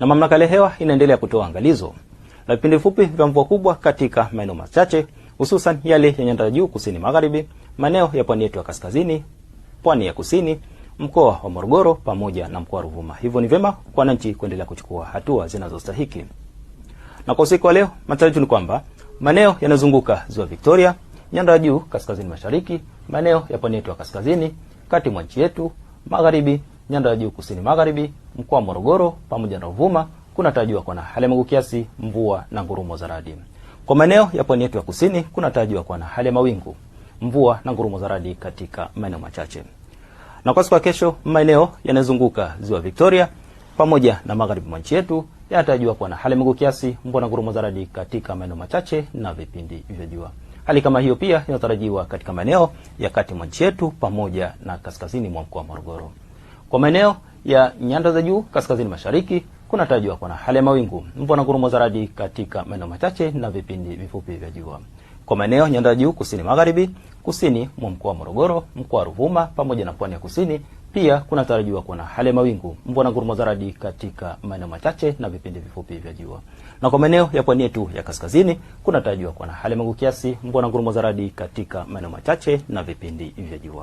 na mamlaka ya hewa inaendelea kutoa angalizo la vipindi vifupi vya mvua kubwa katika maeneo machache hususan yale ya nyanda juu kusini magharibi, maeneo ya pwani yetu ya kaskazini, pwani ya kusini, mkoa wa Morogoro pamoja na mkoa wa Ruvuma. Hivyo ni vyema kwa wananchi kuendelea kuchukua hatua zinazostahiki. Na kwa usiku wa leo, matarajio ni kwamba maeneo yanayozunguka ziwa Victoria, nyanda juu kaskazini mashariki, maeneo ya pwani yetu ya kaskazini, kati mwa nchi yetu, magharibi nyanda ya juu kusini magharibi, mkoa wa Morogoro pamoja na Ruvuma kunatarajiwa kuwa na hali ya mawingu kiasi, mvua na ngurumo za radi. Kwa maeneo ya pwani yetu ya kusini kunatarajiwa kuwa na hali ya mawingu, mvua na ngurumo za radi katika maeneo machache. Na kwa siku ya kesho, maeneo yanayozunguka ziwa Victoria pamoja na magharibi mwa nchi yetu yanatarajiwa kuwa na hali ya mawingu kiasi, mvua na ngurumo za radi katika maeneo machache na vipindi vya jua. Hali kama hiyo pia inatarajiwa katika maeneo ya kati mwa nchi yetu pamoja na kaskazini mwa mkoa wa Morogoro. Kwa maeneo ya nyanda za juu kaskazini mashariki kunatarajiwa kuwa na hali ya mawingu, mvua na ngurumo za radi katika maeneo machache na vipindi vifupi vya jua. Kwa maeneo nyanda za juu kusini magharibi, kusini mwa mkoa wa Morogoro, mkoa wa Ruvuma pamoja na pwani ya kusini pia kunatarajiwa kuwa na hali ya mawingu, mvua na ngurumo za radi katika maeneo machache na vipindi vifupi vya jua. Na kwa maeneo ya pwani yetu ya kaskazini kunatarajiwa kuwa na hali ya mawingu kiasi, mvua na ngurumo za radi katika maeneo machache na vipindi vya jua.